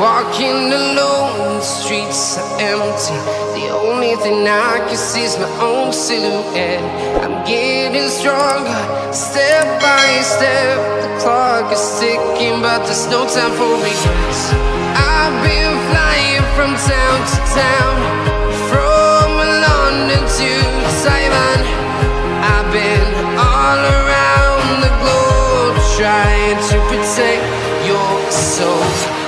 walking alone, the streets are empty. The only thing I can see is my own silhouette. I'm getting stronger, step by step. The clock is ticking, but there's no time for me. I've been flying from town to town, from London to Taiwan. I've been all around the globe trying to protect your soul.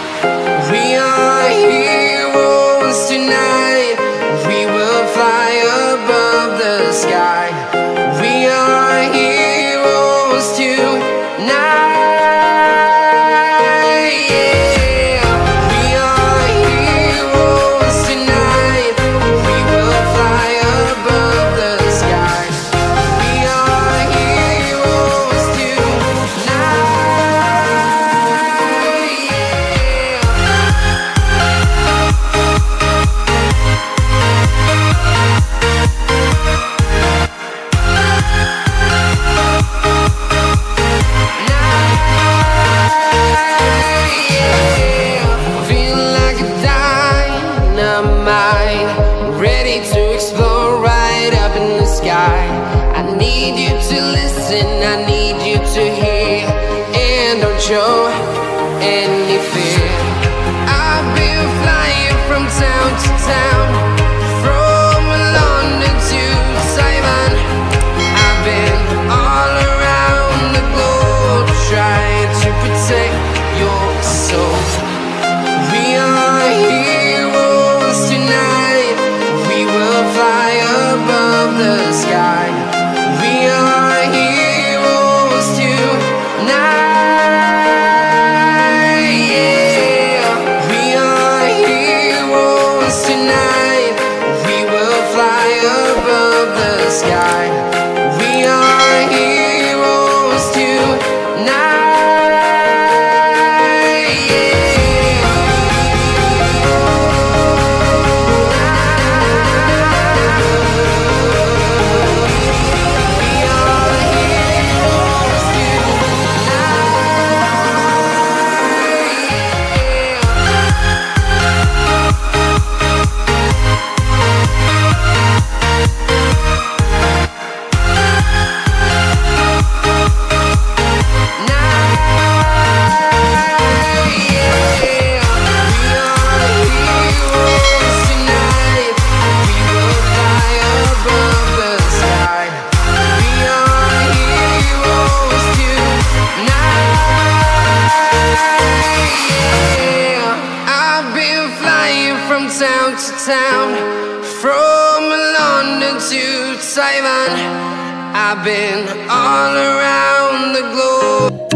suits, Simon. I've been all around the globe.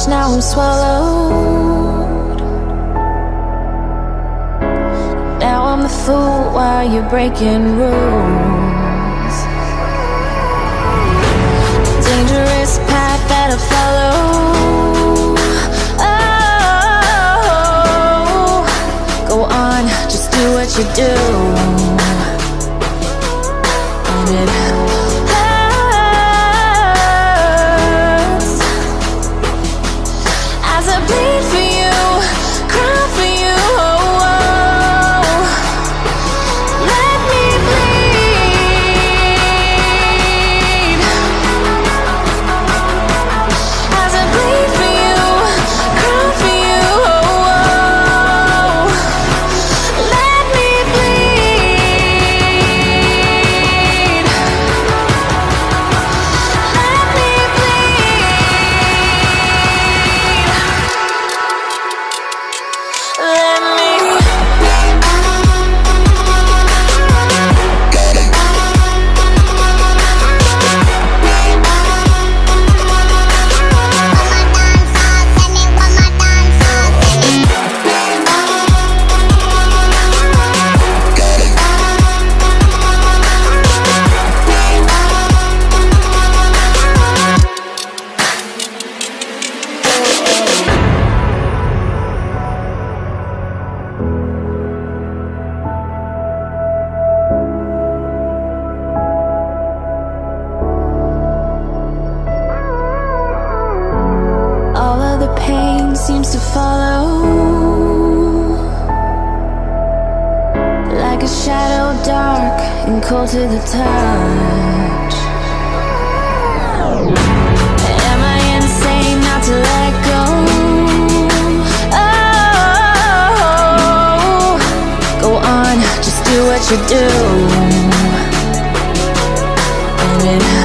rush, now I'm swallowed Now I'm the fool while you're breaking rules Dangerous path that I follow Oh, go on, just do what you do like a shadow dark and cold to the touch Am I insane not to let go? Oh, go on, just do what you do And it